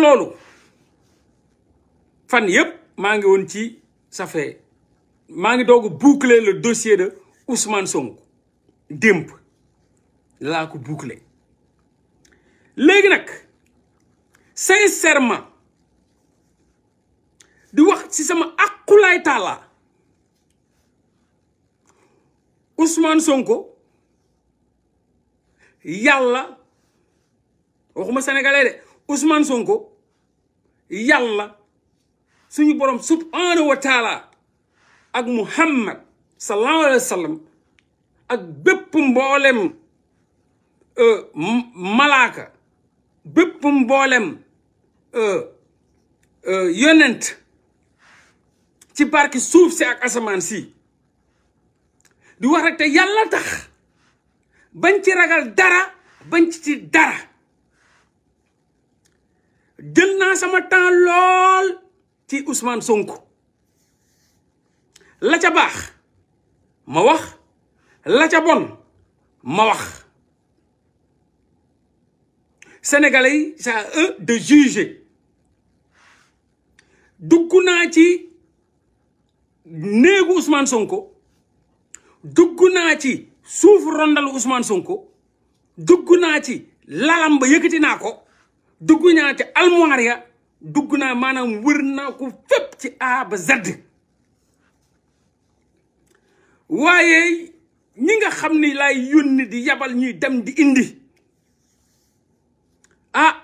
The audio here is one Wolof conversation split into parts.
loolu fan yëpp maa ngi woon ci ça maa ngi doog a le dossier de Ousmane Sonko démp laa ko boucler léegi nag sincèrement di wax ci sama akulaay taalaa Ousmane Sonko yàlla waxuma sénégalais de. Ousmane Sonko yàlla suñu borom subhanahu wa taala ak Muhammad sallallahu alayhi wa sallam ak bépp mboolem euh, malaaka bépp mboolem euh, euh, yonent ci barki suuf si ak asamaan si di wax rek te yàlla tax bañ ci ragal dara bañ ci dara sama temps lool ci Ousmane Sonko la ca baax ma wax la ca bon ma wax sénégalais yi c'est eux de juger dugg naa ci néegu Ousmane Sonko dugg naa ci suuf rondalu Ousmane Sonko duggu naa ci lalam ba yëkkati naa ko dugg naa ci almoire ya dugg naa maanaam wër naa ko fépp ci aaba ba waaye ñi nga xam ni laay yónni di yabal ñuy dem di indi ah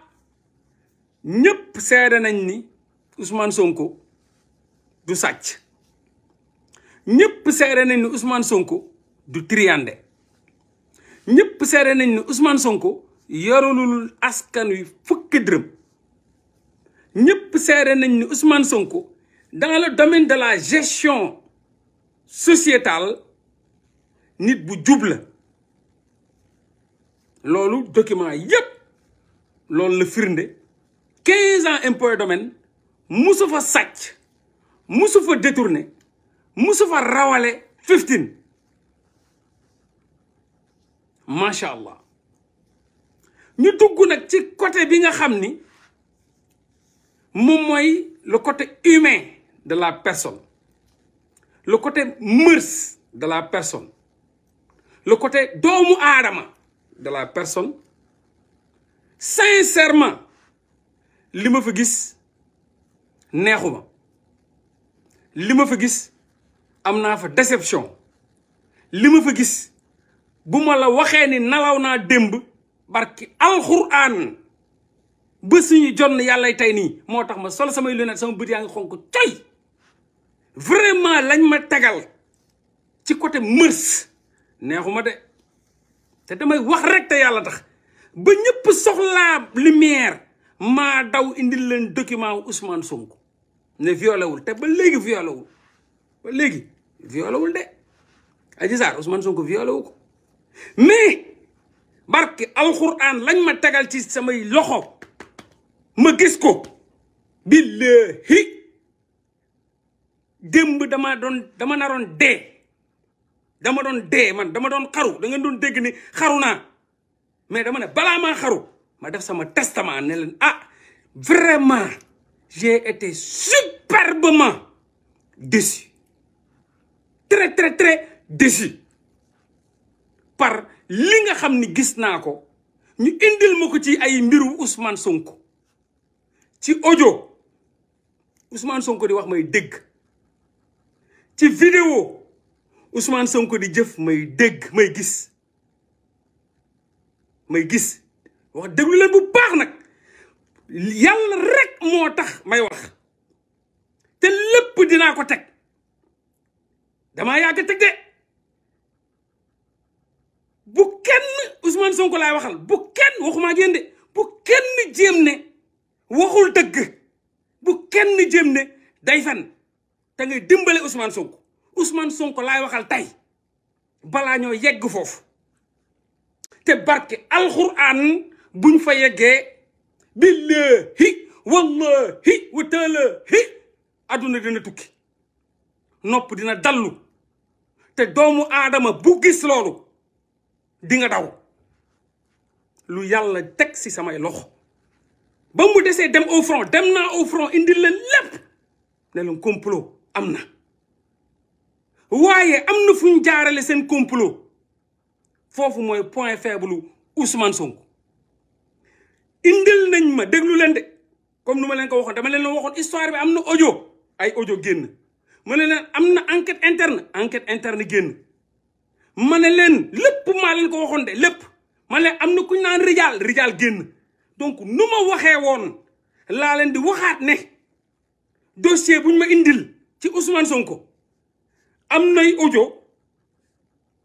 ñëpp seede nañ ni usmaan Sonko du sàcc ñëpp seede nañ ni Ousmane Sonko du triyande ñëpp seede nañ ni usmaan Sonko yorulul askan wi fukki dërëm. ñëpp seere nañ ni Ousmane Sonko dans le domaine de la gestion sociétale nit bu jub la loolu document yépp loolu la firnde quinze ans impôt et domaine musu fa sàcc musu fa détourné musu fa rawale fifteen macha allah ñu dugg nag ci côté bi nga xam ni moom mooy le côté humain de la personne le côté mœurs de la personne le côté doomu aadama de la personne sincèrement li ma fa gis neexuma li ma fa gis am naa fa déception li ma fa gis bu ma la waxee ni nalaw naa démb barki alxuraan bës ba suñu na yàllay tey nii moo tax ma sol samay lunette sama bët yaa ngi xonk coy vraiment lañ ma tagal ci côté mërs neexuma de te damay wax rek te yàlla tax ba ñëpp soxlaa lumière maa daw indil leen document wu Ousmane Sonko ne violewul te ba léegi violé wul ba léegi violé wul de Adji Sarr Ousmane Sonko violé wu ko mais barke alxuraan lañ ma tagal ci samay loxo ma gis ko billahi démb dama doon dama naroon dee dama doon dee man dama doon xaru da ngeen doon dégg ni xaru naa mais dama ne balaa maa xaru ma def sama testament ne leen ah vraiment j'ai été superbement déçu très très très déçu par li nga xam ni gis naa ko ñu indil ma ko ci ay mbiru Ousmane Sonko ci ojo usmaan Sonko di wax may dégg ci vidéo usmaan Sonko di jëf may dégg may gis may gis wax déglu leen bu baax nag yàlla rek moo tax may wax te lépp dinaa ko teg damaa yàgg teg de bu kenn Ousmane Sonko laay waxal bu kenn waxuma ak yéen de bu kenn jéem ne. waxul dëgg bu kenn jëm ne day fen te ngay dimbale Ousmane Sonko Ousmane Sonko laay waxal tey balaa ñoo yegg foofu te barke alxuraan buñ fa yeggee billahi wallahi wa taalahi adduna dina tukki nopp dina dallu te doomu aadama bu gis loolu dinga daw lu yàlla teg ci samay loxo ba mu desee dem au front dem naa au front indil leen lépp ne leen complot am na waaye am na fu ñu jaarale seen complot foofu mooy point faible Ousmane Sonko indil nañ ma déglu leen de comme nu ma leen ko waxoon dama leen waxoon histoire bi am na audio ay génn ma ne leen am na enquête interne enquête interne génn ma ne leen lépp maa leen ko waxoon de lépp ma ne am na ku ñu naan rijaal rijaal génn donc nu ma waxee woon laa leen di waxaat ne dossier buñ ñu ma indil ci Ousmane Sonko am nay ojo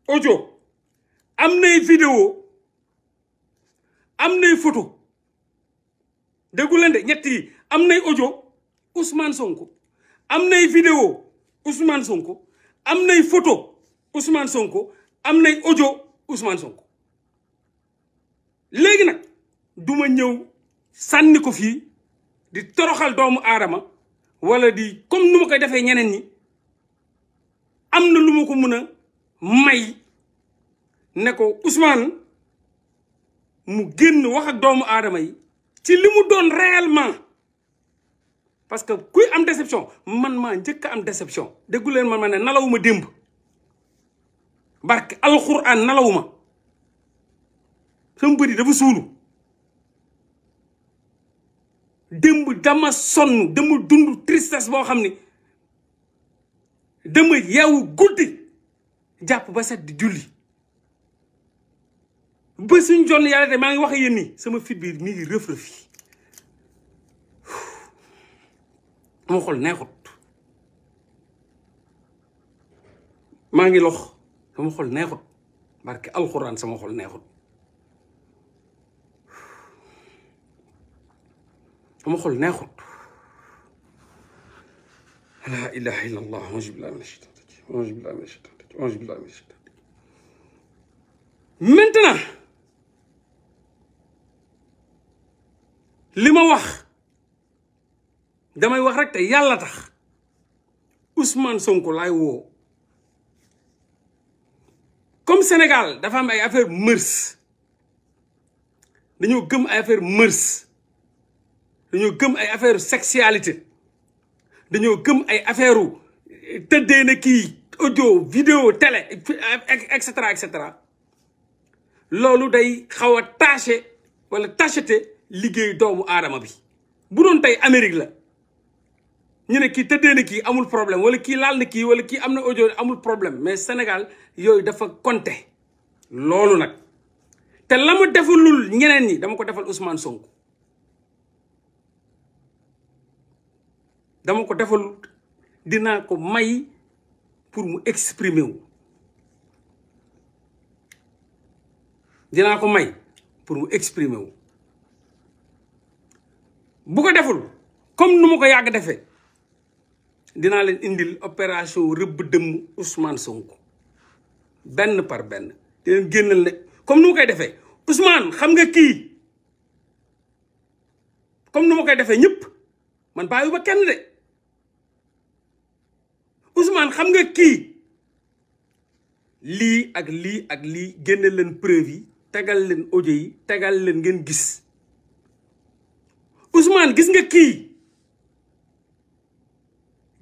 ojo am nay vidéo am nay photo déggu leen de ñetti yi am nay ojo Ousmane Sonko am nay vidéo Ousmane Sonko am nay photo Ousmane Sonko am nay ojo Ousmane Sonko léegi nag du ma ñëw sànni ko fii di toroxal doomu aadama walla di comme nu koy defee ñeneen ñi am na lu ma ko mën a may ne ko Ousmane mu génn wax ak doomu aadama yi ci li mu doon réellement parce que kuy am déception man maa njëkk a am déception déggu leen man ma ne nalawuma démb barke alxuraan nalawuma sama bëri dafa suulu démb dama sonn dama dund tristesse boo xam ni dama yeewu guddi jàpp ba set julli ba suñ jonn yàlla de maa ngi wax yéen nii sama fit bi mi ngi rëf-rëf yi neexut maa ngi lox sama xol neexut barke alxuraan sama xol neexut sama xol neexut laa ilaha illa allah ange billahi mina cheytan rajim ange billahi mina cheytan rajim ange billahi mina cheytan rajim ma wax damay wax rek te yàlla tax Ousmane Sonko lay woo comme Sénégal dafa am ay affaire mërs dañoo gëm ay affaire mërs dañoo gëm ay affaire sexualité dañoo gëm ay affaire tëddee na kii audio vidéo télé et cetera et cetera loolu day xaw a taché wala tacheté liggéey doomu aadama bi bu doon tey Amérique la ñu ne kii tëddee na kii amul problème wala kii laal na kii wala kii am na audio amul problème mais Sénégal yooyu dafa compté loolu nag te la mu defalul ñeneen ñi dama ko defal Ousmane Sonko dama ko defal dinaa ko may pour mu exprimer wu dinaa ko may pour mu exprimer wu bu ko deful comme nu ma ko yàgg defee dinaa leen indil opération rëbb dëmm Ousmane Sonko benn par benn di leen génnal ne comme nu ma koy defee Ousmane xam nga kii comme nu ma koy defee ñëpp man bàyyi ba kenn de Ousmane xam nga kii lii ak lii ak lii génne leen preuve yi tegal leen audio yi tegal leen ngeen gis Ousmane gis nga kii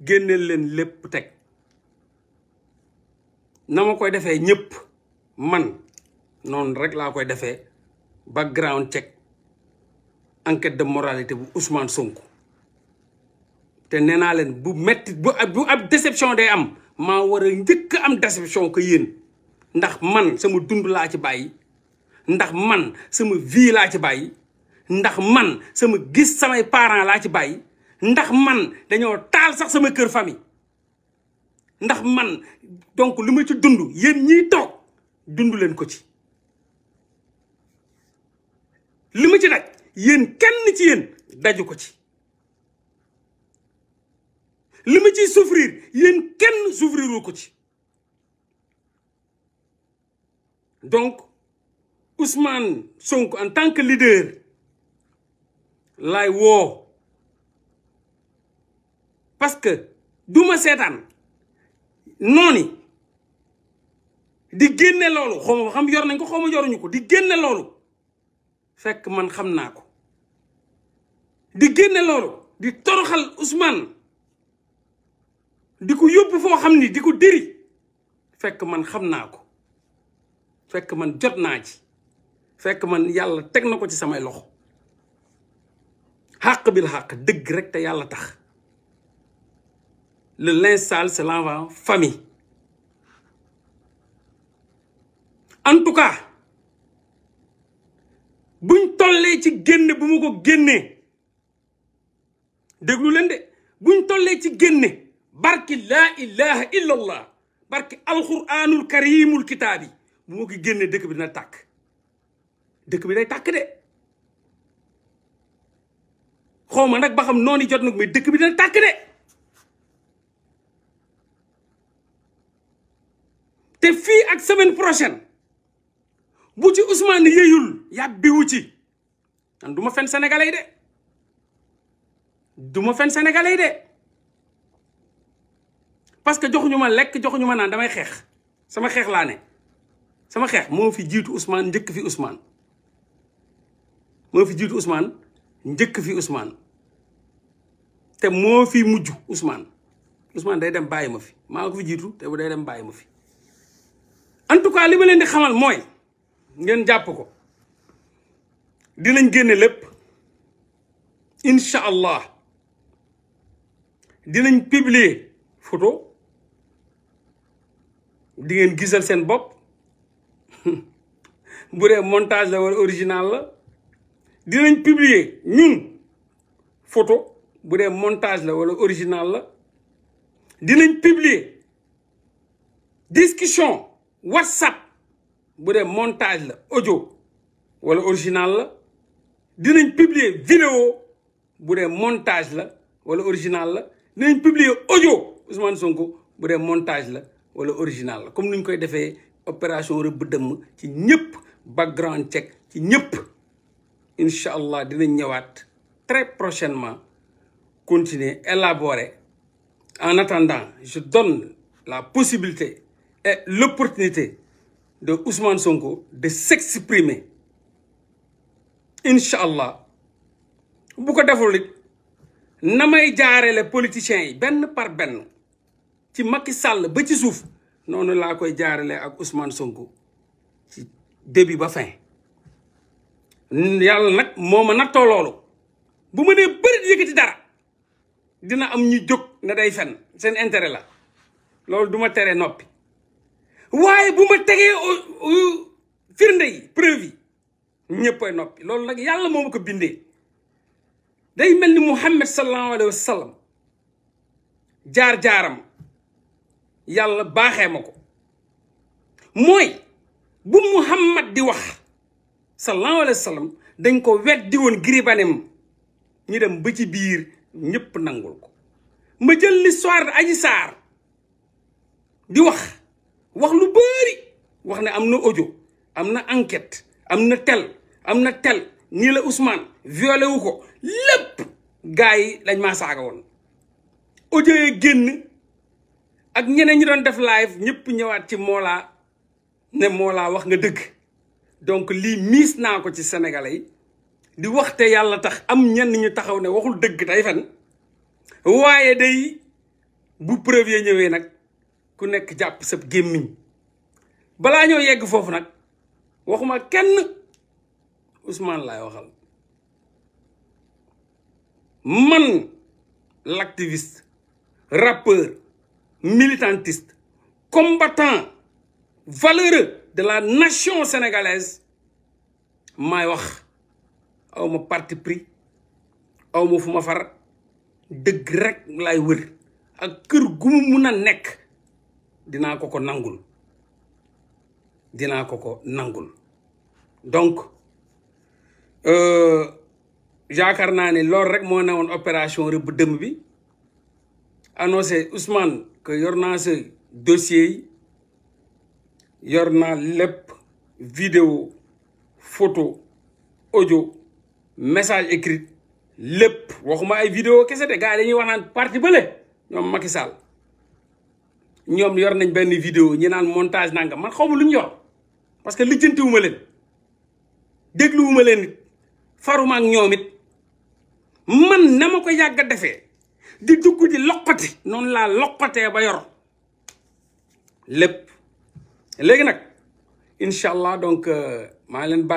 génneel leen lépp teg na ma koy defee ñëpp man noonu rek laa koy defee background check enquête de moralité bu Ousmane Sonko te nee naa leen bu metti bu bu ab déception day am maa war a njëkk am déception ko yéen ndax man sama dund laa ci bàyyi ndax man sama vie laa ci bàyyi ndax man sama gis samay parent laa ci bàyyi ndax man dañoo taal sax sama kër famille ndax man donc li ma ci dund yéen ñiy toog dund leen ko ci li ma ci daj yéen kenn ci yéen daju ko ci li ma ciy souffrir yéen kenn souffriroo ko ci donc Ousmane sonk en tant que leader laay woo parce que duma seetaan nooni di génne loolu xaw xam yor nañ ko xaw ma yoruñu ko di génne loolu fekk man xam naa ko di génne loolu di toroxal Ousmane di ko yóbbu foo xam ni di ko dëri fekk man xam naa ko fekk man jot naa ci fekk man yàlla teg na ko ci samay loxo xàq bil xàq dëgg rek te yàlla tax le linge sale se lave en tout cas buñ tollee ci génne bu ma ko génnee déglu leen de buñ tollee ci génne barki laa ilaha illa allah barki alquranul karimul kitaab yi bu ma ko génnee dëkk bi dina tàkk dëkk bi day tàkk de xaw ma nag ba xam noonu jot nag mais dëkk bi dina tàkk de te fii ak semaine prochaine bu ci Ousmane yeyul yàbbiwu ci man du ma fen sénégalais de du ma fen sénégalais de parce que joxuñu ma lekk joxuñu ma naan damay xeex sama xeex laa ne sama xeex moo fi jiitu usmaan njëkk fi Ousmane moo fi jiitu Ousmane njëkk fi Ousmane te moo fi mujj Ousmane usmaan day dem bàyyi ma fi maa ko fi jiitu te bu day dem bàyyi ma fi en tout cas li ma leen di xamal mooy ngeen jàpp ko dinañ génne lépp incha allah dinañ publier photo di gisal seen bopp bu dee montage la wala original la dinañ publier ñun photo bu montage la wala original la dinañ publier discussion whatsapp bu dee montage la ojo wala original la dinañ publier vidéo bu dee montage la wala original la dinañ publier ojo Ousmane Sonko bu dee montage la wala original la comme ni ñu koy defee opération rëbb dëmm ci ñëpp background check ci ñëpp incha allah dinañ ñëwaat très prochainement continuer élaborer en attendant je donne la possibilité et l'opportunité de Ousmane Sonko de s'exprimer incha allah bu ko deful na may jaarele politiciens yi benn par benn ci Macky sàll ba ci suuf noonu laa koy jaarale ak Ousmane Sonko ci début ba fin yàlla nag moo ma nattoo loolu bu ma nee bëri di yëkkati dara dina am ñu jóg ne day fenn seen intérêt la loolu du ma teree noppi waaye bu ma tegee firnde yi preuve yi noppi loolu nag yàlla moo ma ko bindee day mel ni Muhammad sallallahu alayhi wa jaar-jaaram yàlla baaxee ma ko mooy bu muhammad di wax sallallahu alayhi wa dañ ko weddi woon giribanem ñu dem ba ci biir ñépp nangul ko ma jël l'histoire de aji saar di wax wax lu bëri wax ne am na audio am na enquête am na tel am na tel nii la Ousmane violé wu ko lépp gars yi dañ maa saaga woon audio yi génn ak ñeneen ñi doon def live ñëpp ñëwaat ci Mollah ne Mollah wax nga dëgg donc lii miis naa ko ci sénégalais yi di waxte yàlla tax am ñenn ñu taxaw ne waxul dëgg tey fen waaye day bu preuve ñëwee nag ku nekk jàpp sa gémmiñ balaa ñoo yegg foofu nag waxuma kenn Ousmane laay waxal man l'activiste rappeur militantiste combattant valeureux de la nation sénégalaise may wax aw ma parti pris aw ma fu ma far dëgg rek lay wër ak kër gu mu mun a nekk dinaa ko ko nangul dinaa ko ko nangul donc euh, yaakaar naa ni loolu rek moo newoon opération bu dëmm bi annoncé Ousmane que yor naa sa dossier yi yor naa lépp vidéo photo audio message écrit lépp waxuma ay vidéo kese de gars yi dañuy wax naan parti bële ñoom Macky ñoom yor nañ benn vidéo ñi naan montage nanga man xawma lu ñu yor parce que lijjantiwuma leen dégluwuma leen it faruma ak man na ma ko yàgg a defee di dugg di loqati noonu laa loqatee ba yor lépp nag incha allah donc euh, maa leen